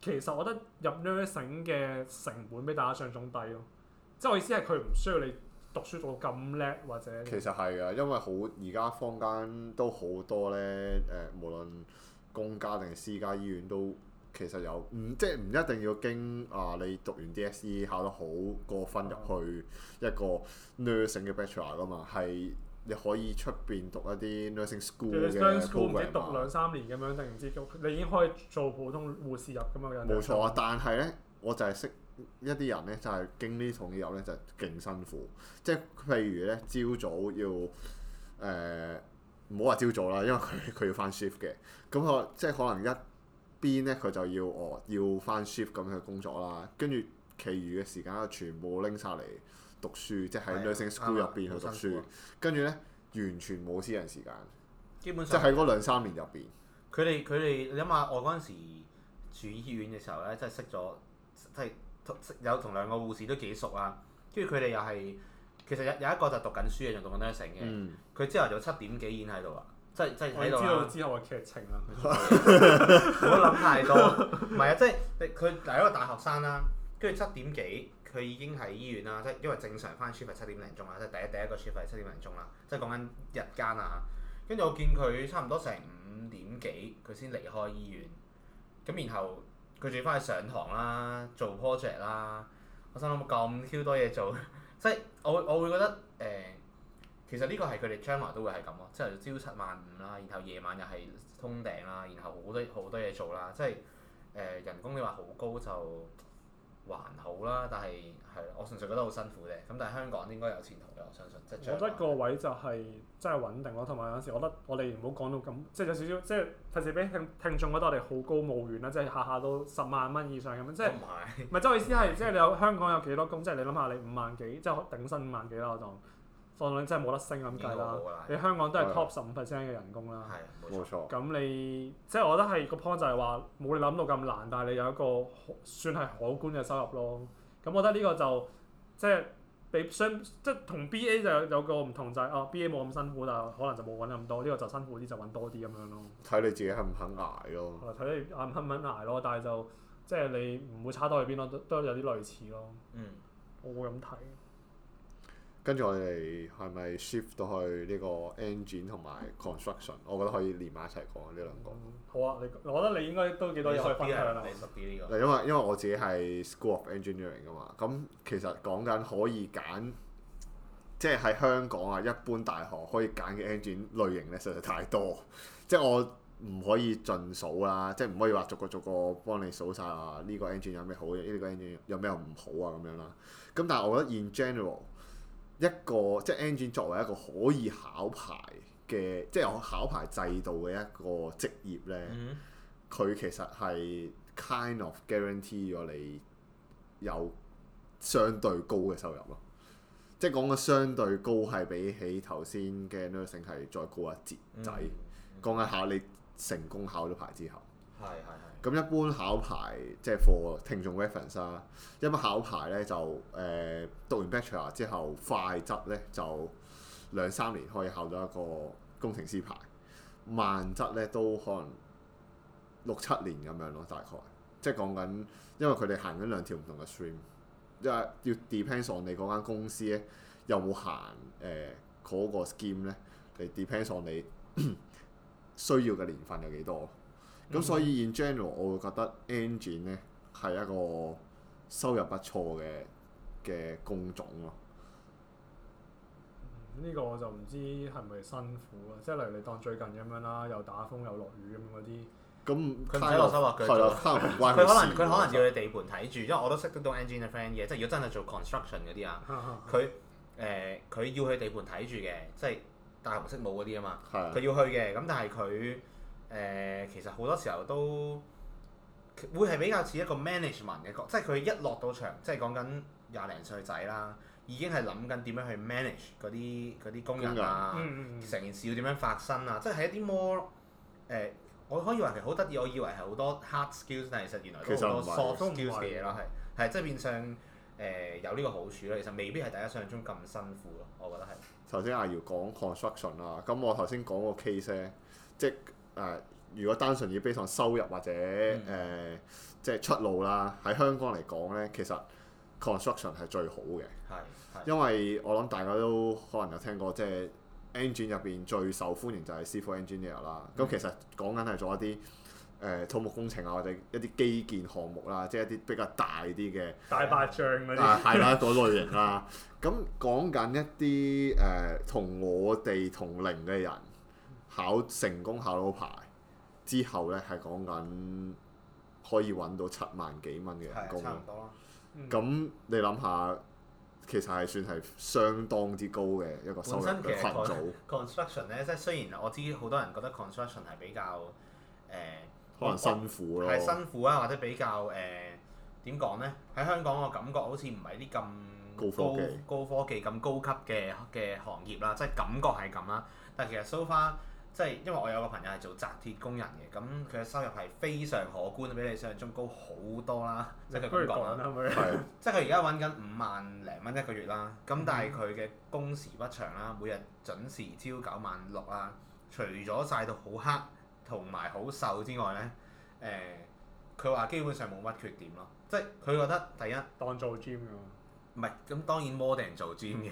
其實我覺得入 nursing 嘅成本比大家上中低咯。即係我意思係佢唔需要你。讀書到咁叻，或者其實係啊，因為好而家坊間都好多咧，誒、呃、無論公家定私家醫院都其實有，唔即係唔一定要經啊，你讀完 DSE 考得好個分入去一個 nursing 嘅 Bachelor 噶嘛，係、嗯、你可以出邊讀一啲 nursing school 嘅 school，唔知讀兩三年咁樣定唔知，你已經可以做普通護士入咁樣嘅！冇錯啊，但係咧，我就係識。一啲人咧就係經呢種嘢咧就勁辛苦，即係譬如咧朝早要誒，唔好話朝早啦，因為佢佢要翻 shift 嘅，咁我即係可能一邊咧佢就要我、哦、要翻 shift 咁去工作啦，跟住其餘嘅時間全部拎晒嚟讀書，即係喺 nursing school 入邊去讀書，跟住咧完全冇私人時間，基本上即係喺嗰兩三年入邊，佢哋佢哋你諗下我嗰陣時住醫院嘅時候咧，即係識咗即係。有同兩個護士都幾熟啊，跟住佢哋又係其實有有一個就讀緊書嘅，讀書嗯、仲讀緊 nursing 嘅。佢朝頭早七點幾已經喺度啦，即係即係喺度。我知道之後嘅劇情啦，冇諗太多。唔係啊，即係佢第一個大學生啦，跟住七點幾佢已經喺醫院啦，即係因為正常翻 shift 七點零鐘啦，即係第一第一個 shift 係七點零鐘啦，即係講緊日間啊。跟住我見佢差唔多成五點幾佢先離開醫院，咁然後。佢仲要翻去上堂啦，做 project 啦，我心諗咁 Q 多嘢做， 即係我會我會覺得誒、呃，其實呢個係佢哋將來都會係咁咯。即係朝七晚五啦，然後夜晚又係通頂啦，然後好多好多嘢做啦，即係誒、呃、人工你話好高就。還好啦，但係係，我純粹覺得好辛苦嘅。咁但係香港應該有前途嘅，我相信。最我覺得個位就係真係穩定咯，同埋有時我覺得我哋唔好講到咁，即係有少少即係費事俾聽聽眾覺得我哋好高騖遠啦，即係下下都十萬蚊以上咁樣。即係唔係？唔係即係意思係，是即係你有香港有幾多，多，多工？即係你諗下，你五萬幾，即係頂薪五萬幾啦，我當。我諗真係冇得升咁計啦，你香港都係 top 十五 percent 嘅人工啦。係係，冇錯。咁你即係我覺得係、個 point 就係話冇你諗到咁難，但係你有一個算係可觀嘅收入咯。咁我覺得呢個就即係比相即係同 B A 就有有個唔同就係、係、啊，B A 冇咁辛苦，但係可能就冇揾咁多。呢、呢個就辛苦啲就揾多啲咁樣咯。睇你自己肯唔肯捱咯。睇你肯唔肯捱咯，但係就即係你唔會差多去邊咯，都都有啲類似咯。嗯、我會咁睇。跟住我哋係咪 shift 到去呢個 engine 同埋 construction？、嗯、我覺得可以連埋一齊講呢兩個、嗯。好啊，你我覺得你應該都幾多嘢可以分享啊。係、這個、因為因為我自己係 school of engineering 噶嘛，咁、嗯、其實講緊可以揀，即係喺香港啊，一般大學可以揀嘅 engine 類型咧，實在太多，即係我唔可以盡數啦，即係唔可以話逐個逐個幫你數晒啊。呢、這個 engine 有咩好？呢、這個 engine 有咩唔好啊？咁樣啦。咁但係我覺得 in general。一個即係 engine 作為一個可以考牌嘅，即係有考牌制度嘅一個職業咧，佢、嗯嗯、其實係 kind of guarantee 咗你有相對高嘅收入咯。即係講嘅相對高係比起頭先嘅 nursing 係再高一截仔。講、嗯嗯嗯、一下你成功考咗牌之後，係係係。咁一般考牌即係 for 聽眾 reference 啦。一般考牌咧就誒讀完 bachelor 之後快則咧就兩三年可以考到一個工程師牌，慢則咧都可能六七年咁樣咯，大概即係講緊，因為佢哋行緊兩條唔同嘅 stream，即係要 depends on 你嗰間公司咧有冇行誒嗰、呃那個 scheme 咧，係 depends on 你 需要嘅年份有幾多。咁所以 in general，我會覺得 engine 咧係一個收入不錯嘅嘅工種咯。呢、嗯這個我就唔知係咪辛苦啊，即係例如你當最近咁樣啦，又打風又落雨咁嗰啲。咁佢唔落心話，佢可能佢可，可能要去地盤睇住，因為我都識得到 engineer friend 嘅，即係如果真係做 construction 嗰啲啊，佢誒佢要去地盤睇住嘅，即係大紅色帽嗰啲啊嘛，佢要去嘅，咁但係佢。誒、呃，其實好多時候都會係比較似一個 management 嘅角色，即係佢一落到場，即係講緊廿零歲仔啦，已經係諗緊點樣去 manage 嗰啲啲工人啊，成人、嗯嗯、件事要點樣發生啊，即係一啲 more 誒、呃，我可以話其實好得意，我以為係好多 hard skills，但係其實原來都好多 soft skills 嘅嘢咯，係係的即係變相誒、呃、有呢個好處咯，其實未必係大家想像中咁辛苦咯，我覺得係。頭先阿姚講 construction 啦，咁我頭先講個 case 即係。誒、呃，如果單純以 basic 收入或者誒，呃嗯、即係出路啦，喺香港嚟講咧，其實 construction 係最好嘅。係，因為我諗大家都可能有聽過，嗯、即係 engine 入邊最受歡迎就係 civil engineer 啦。咁、嗯、其實講緊係做一啲誒、呃、土木工程啊，或者一啲基建項目啦，即係一啲比較大啲嘅大白象嗰啲。 啊，係啦，嗰類型啦、啊。咁講緊一啲誒、呃，同我哋同齡嘅人，人。考成功考到牌之後咧，係講緊可以揾到七萬幾蚊嘅人工。差唔多啦。咁、嗯、你諗下，其實係算係相當之高嘅一個收入嘅羣組。Construction 咧，即係雖然我知好多人覺得 construction 係比較誒，呃、可能辛苦咯，係辛苦啊，或者比較誒點講咧？喺、呃、香港我感覺好似唔係啲咁高科高高科技咁高，高級嘅嘅行業啦，即係感覺係咁啦。但係其實 so far。即係因為我有個朋友係做紮鐵工人嘅，咁佢嘅收入係非常可觀，比你想象中高好多啦。即係佢咁講啦，係 即係佢而家揾緊五萬零蚊一個月啦。咁但係佢嘅工時不長啦，每日準時朝九晚六啊。除咗曬到好黑同埋好瘦之外咧，誒佢話基本上冇乜缺點咯。即係佢覺得第一當做 gym 㗎唔係，咁當然摩 o d e l 人做 gym 嘅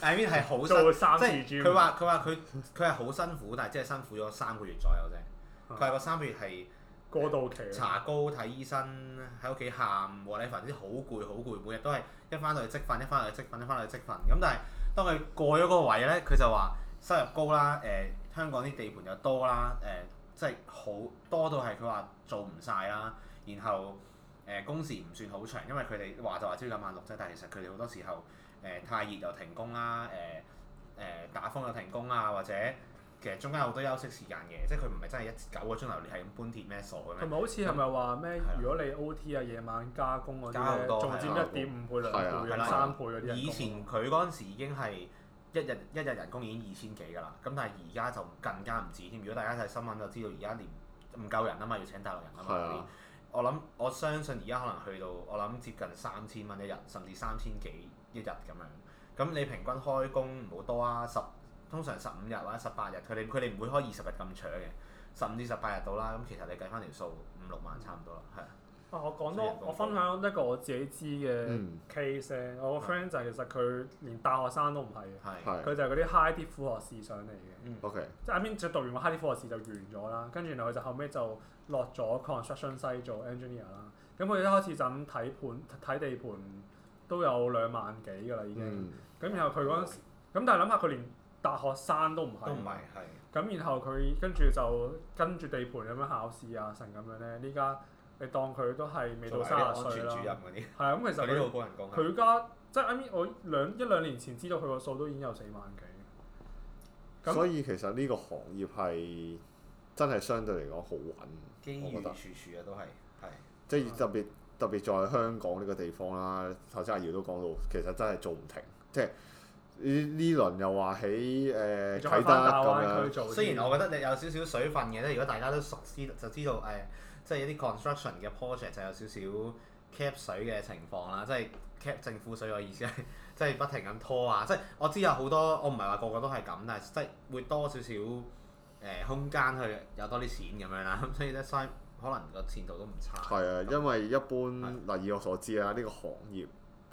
，Ivan 係好，即係佢話佢話佢佢係好辛苦，但係即係辛苦咗三個月左右啫。佢話、啊、個三個月係過渡期，查高睇醫生，喺屋企喊，或你凡啲好攰好攰，每日都係一翻到去積分，一翻到去積分，一翻到去積分。咁但係當佢過咗嗰個位咧，佢就話收入高啦，誒、呃、香港啲地盤又多啦，誒即係好多到係佢話做唔晒啦，然後。誒、呃、工時唔算好長，因為佢哋話就話朝九晚六啫。但係其實佢哋好多時候誒、呃、太熱又停工啦，誒、呃、誒、呃、打風又停工啊，或者其實中間好多休息時間嘅，即係佢唔係真係一九個鐘頭你係咁搬鐵咩鎖嘅咩？同埋好似係咪話咩？嗯、如果你 O T 啊、夜晚加工嗰啲，仲係佔一點五倍、兩倍、三的倍嗰啲。以前佢嗰陣時已經係一日一日人工已經二千幾㗎啦，咁但係而家就更加唔止添。如果大家睇新聞就知道，而家連唔夠人啊嘛，要請大陸人啊嘛。的的我諗我相信而家可能去到我諗接近三千蚊一日，甚至三千幾一日咁樣。咁你平均開工唔好多啊，十通常十五日或者十八日，佢哋佢哋唔會開二十日咁長嘅，十五至十八日到啦。咁其實你計翻條數五六萬差唔多啦，係。我講多，我分享一個我自己知嘅 case。我個 friend 就其實佢連大學生都唔係，佢就係嗰啲 high 啲副學士上嚟嘅。O.K. 即係阿 Ben，佢讀完個 high 啲副學士就完咗啦，跟住然後佢就後尾就落咗 construction 西做 engineer 啦。咁佢一開始就咁睇盤睇地盤都有兩萬幾嘅啦，已經。咁然後佢嗰陣咁，但係諗下佢連大學生都唔係，唔係咁然後佢跟住就跟住地盤咁樣考試啊，成咁樣咧，依家。你當佢都係未到三十歲安全主任嗰啲，係啊，咁其實佢佢家即係我兩一兩年前知道佢個數都已經有四萬幾。所以其實呢個行業係真係相對嚟講好穩，機會處處啊，都係係。即係特別的特別在香港呢個地方啦。頭先阿姚都講到，其實真係做唔停。即係呢呢輪又話喺誒啟德咁樣。呃、雖然我覺得你有少少水分嘅，咧如果大家都熟知就知道誒。呃即係啲 construction 嘅 project 就有少少 cap 水嘅情況啦，即係 cap 政府水嘅意思係即係不停咁拖啊！即係我知有好多，我唔係話個個都係咁，但係即係會多少少誒空間去有多啲錢咁樣啦。咁所以呢可能個前途都唔差。係啊，樣因為一般嗱是、啊、以我所知啦，呢、呢個行業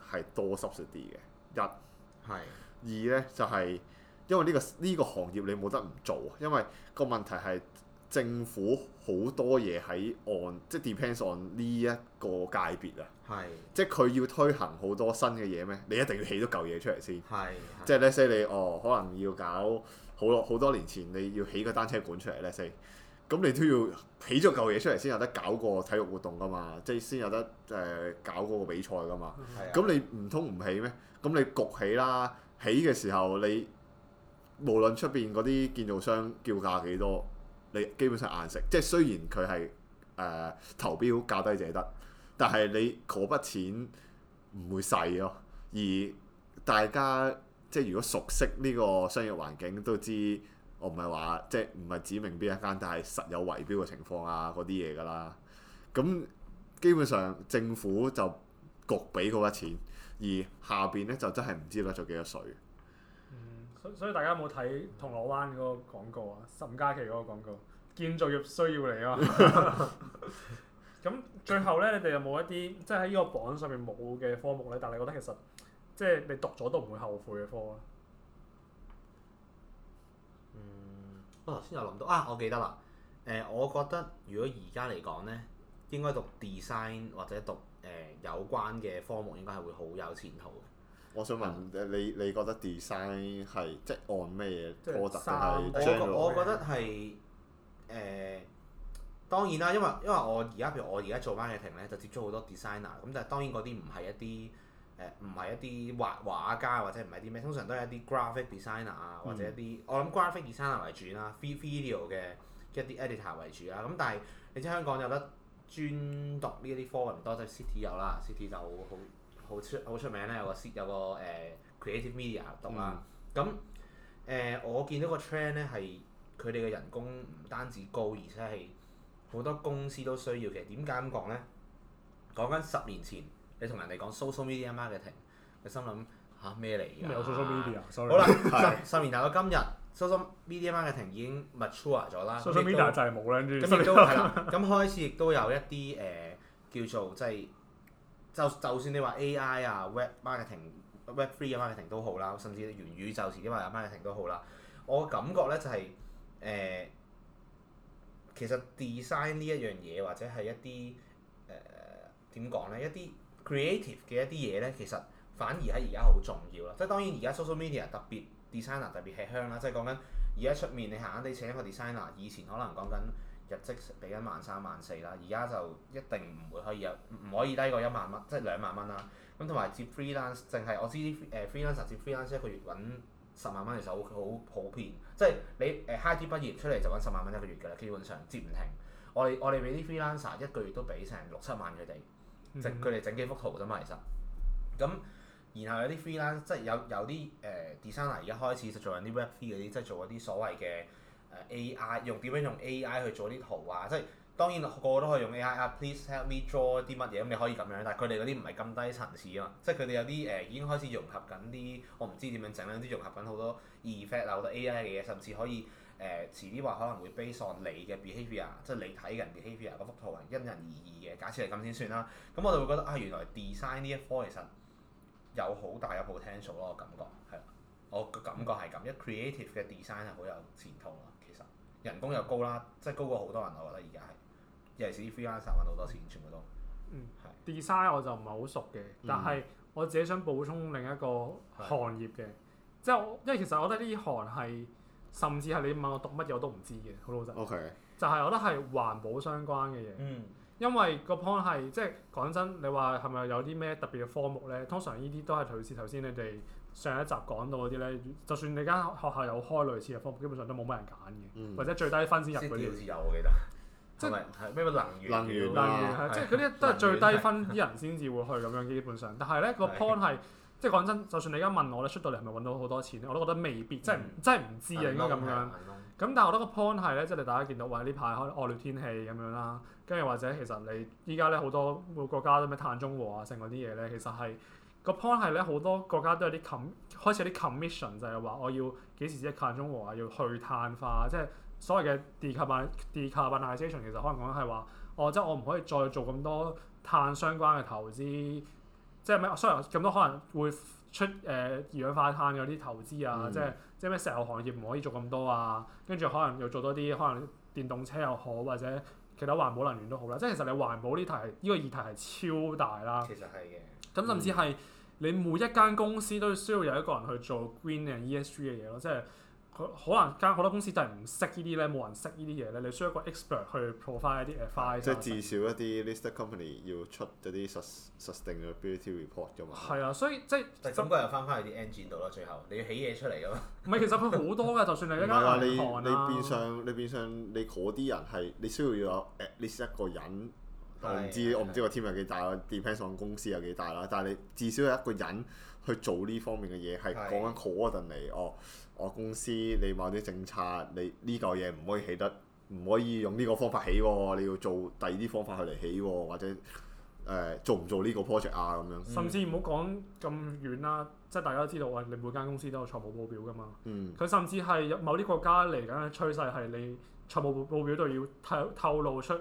係多濕水啲嘅。一係是、啊、二咧就係、是、因為呢、呢個呢、呢個行業你冇得唔做，啊，因為個問題係。政府好多嘢喺按，即係 depends on 呢一個界別啊。是即係佢要推行好多新嘅嘢咩？你一定要起咗舊嘢出嚟先。即係 let's say 你哦，可能要搞好多好多年前你要起個單車館出嚟，let's say，咁你都要起咗舊嘢出嚟先有得搞個體育活動㗎嘛，即係先有得誒、呃、搞嗰個，個比賽㗎嘛。係的，咁你唔通唔起咩？咁你焗起啦，起嘅時候你無論出邊嗰啲建造商叫價幾多，你基本上硬食，即係雖然佢係誒投標價低者得，但係你嗰筆錢唔會細咯、哦。而大家即係如果熟悉呢個商業環境都知，我唔係話即係唔係指明邊一間，但係實有圍標嘅情況啊，嗰啲嘢噶啦。咁基本上政府就焗俾嗰筆錢，而下邊咧就真係唔知得咗幾多水。所以大家有冇睇銅鑼灣嗰個廣告啊？沈嘉琪嗰個廣告，建造業需要你啊！咁 最後咧，你哋有冇一啲即係喺呢個榜上面冇嘅科目咧？但你覺得其實即係你讀咗都唔會後悔嘅科啊？嗯、哦，我頭先又諗到啊，我記得啦。誒、呃，我覺得如果而家嚟講咧，應該讀 design 或者讀誒、呃、有關嘅科目，應該係會好有前途。我想問的你，你覺得 design 係即按咩嘢過濾定係我？我覺得係誒、呃、當然啦，因為因為我而家譬如我而家做翻嘅庭咧，就接觸好多 designer 咁，但係當然嗰啲唔係一啲誒唔係一啲畫畫家或者唔係啲咩，通常都係一啲 graphic designer 啊或者一啲、嗯、我諗 graphic designer 為主啦，video 嘅一啲 editor 為主啦。咁但係你知香港有得專讀呢啲科唔多，即係 city 有啦，city 就好。好出好出名咧，有個有個誒、呃、creative media 讀啦。咁誒、嗯呃，我見到個 trend 咧係佢哋嘅人工唔單止高，而且係好多公司都需要。其實點解咁講咧？講緊十年前，你同人哋講 social media marketing，你心諗吓，咩、啊、嚟？有 social media Sorry 好了。好啦，十年，大到今日 social media marketing 已經 mature 咗啦。social media 就係冇啦，咁亦都係啦。咁開始亦都有一啲誒、呃、叫做即係。就就算你話 AI 啊 Web marketing Web three 嘅 marketing 都好啦，甚至元宇宙時啲話有 marketing 都好啦。我感覺咧就係、是、誒、呃，其實 design 呢一樣嘢或者係一啲誒點講咧，一啲 creative 嘅一啲嘢咧，其實反而喺而家好重要啦。即係當然而家 social media 特別 designer 特別吃香啦，即係講緊而家出面你閒閒哋請一個 designer，以前可能講緊。日積俾緊萬三萬四啦，而家就一定唔會可以入，唔可以低過一萬蚊，即係兩萬蚊啦。咁同埋接 freelance，淨係我知誒 freelancer 接 freelancer 一個月揾十萬蚊其實好好普遍，即係你誒 high 啲畢業出嚟就揾十萬蚊一個月㗎啦，基本上接唔停。我哋我哋俾啲 freelancer 一個月都俾成六七萬佢哋，整佢哋整幾幅圖啫嘛，其實。咁然後有啲 freelancer 即係有有啲誒、呃、designer 而家開始就做緊啲 web design 嗰啲，即係做嗰啲所謂嘅。AI 用點樣用 AI 去做啲圖啊？即係當然個個都可以用 AI 啊！Please help me draw 啲乜嘢？咁你可以咁樣，但係佢哋嗰啲唔係咁低層次啊嘛！即係佢哋有啲誒、呃、已經開始融合緊啲，我唔知點樣整啦，啲融合緊好多 effect 啊，好多 AI 嘅嘢，甚至可以誒、呃、遲啲話可能會 base on 你嘅 behavior 即係你睇嘅 behavior 嗰幅圖係因人而異嘅。假設係咁先算啦。咁我哋會覺得啊，原來 design 呢一科其實有好大嘅 potential 咯，感覺係，我個感覺係咁，一 creative 嘅 design 係好有前途。人工又高啦，嗯、即係高過好多人，我覺得而家係，尤其是啲 freelancer 揾到好多錢，全部都。嗯。係是。design 我就唔係好熟嘅，但係我自己想補充另一個行業嘅，的即係我因為其實我覺得呢行係甚至係你問我讀乜嘢我都唔知嘅，好老實。OK。就係我覺得係環保相關嘅嘢。嗯、因為個 point 係即係講真，你話係咪有啲咩特別嘅科目咧？通常呢啲都係頭似頭先你哋。上一集講到嗰啲咧，就算你間學校有開類似嘅科，基本上都冇乜人揀嘅，嗯、或者最低分先入嗰啲。先有我記得，係咪咩能源？能源啦，即係嗰啲都係最低分啲人先至會去咁樣，基本上。但係咧、個 point 係，的即係講真，就算你而家問我咧，出到嚟係咪揾到好多錢咧，我都覺得未必，即係即係唔知應該咁樣。咁、嗯嗯、但係我覺得個 point 係咧，即係你大家見到，哇！呢排可能惡劣天氣咁樣啦，跟住或者其實你依家咧好多個國家都咩碳中和啊剩嗰啲嘢咧，其實係。個 point 係咧，好多國家都有啲 com 開始有啲 commission，就係話我要幾時先得碳中和啊？要去碳化、啊，即係所謂嘅 decarbon decarbonisation，其實可能講係話，哦，即係我唔可以再做咁多碳相關嘅投資，即係咩？雖然咁多可能會出誒、呃、二氧化碳嗰啲投資啊，嗯、即係即係咩石油行業唔可以做咁多啊，跟住可能又做多啲，可能電動車又好，或者其他環保能源都好啦。即係其實你環保呢題，呢、呢個議題係超大啦。其實係嘅。咁甚至係你每一間公司都需要有一個人去做 green and ESG 嘅嘢咯，即係可可能間好多公司真係唔識呢啲咧，冇人識呢啲嘢咧，你需要一個 expert 去 provide 一啲 a f i l i 即係至少一啲 listed company 要出一啲 sustainability report 㗎嘛。係啊，所以即係，咁我又翻返去啲 engine 度啦，最後你要起嘢出嚟㗎嘛。唔係，其實佢好多㗎，就算你一間銀行、啊你，啊、你變相、啊、你變相你嗰啲人係你需要要有 at least 一個人。我唔知，是是是我唔知個 team 有幾大，depends on 是公司有幾大啦。是是是，但係你至少有一個人去做呢方面嘅嘢，係講緊 coordinating 哦，我公司你某啲政策，你呢嚿嘢唔可以起得，唔可以用呢個方法起喎，你要做第二啲方法去嚟起喎，或者誒、呃、做唔做呢個 project 啊咁樣。嗯、甚至唔好講咁遠啦，即係大家都知道啊、哦，你每間公司都有財務報表㗎嘛。嗯。佢甚至係某啲國家嚟緊嘅趨勢係，你財務報表度要透透露出。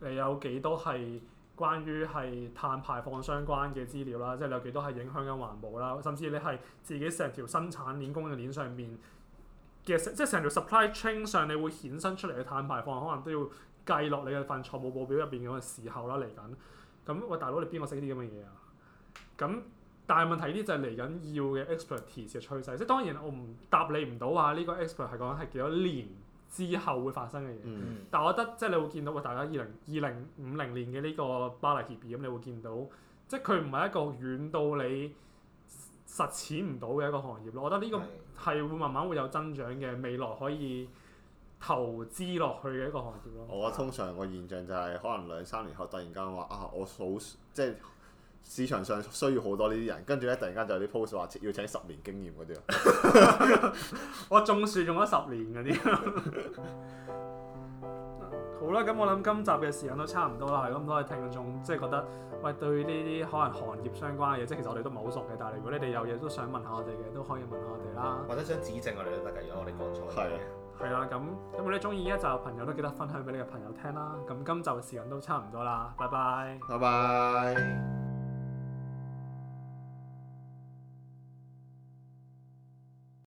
你有幾多係關於係碳排放相關嘅資料啦？即係你有幾多係影響緊環保啦？甚至你係自己成條生產鏈供應鏈上面嘅，即係成條 supply chain 上，你會衍生出嚟嘅碳排放，可能都要計落你嘅份財務報表入邊嘅時候啦。嚟緊，咁喂，大佬你邊個識啲咁嘅嘢啊？咁但係問題呢就係嚟緊要嘅 expertise 嘅趨勢，即係當然我唔答你唔到話呢、呢個 expert 係講係幾多年。之後會發生嘅嘢，嗯、但我覺得即係、就是、你會見到，大家二零二零五零年嘅呢個巴拿比巴黎協議咁，你會見到，即係佢唔係一個遠到你實踐唔到嘅一個行業咯。我覺得呢個係會慢慢會有增長嘅未來可以投資落去嘅一個行業咯。嗯、我通常個現象就係可能兩三年後突然間話啊，我數即係。就是市場上需要好多呢啲人，跟住咧，突然間就有啲 post 話要請十年經驗嗰啲啊。 我種樹種咗十年嗰啲。 好啦，咁我諗今集嘅時間都差唔多啦。咁多位聽眾，即係覺得喂對呢啲可能行業相關嘅嘢，即係其實我哋都唔係好熟嘅。但係如果你哋有嘢都想問下我哋嘅，都可以問下我哋啦。或者想指正我哋都得㗎，如果我哋講錯嘢。係啊。係啦，咁咁你中意呢一集，朋友都記得分享俾你嘅朋友聽啦。咁今集嘅時間都差唔多啦，拜拜。拜拜。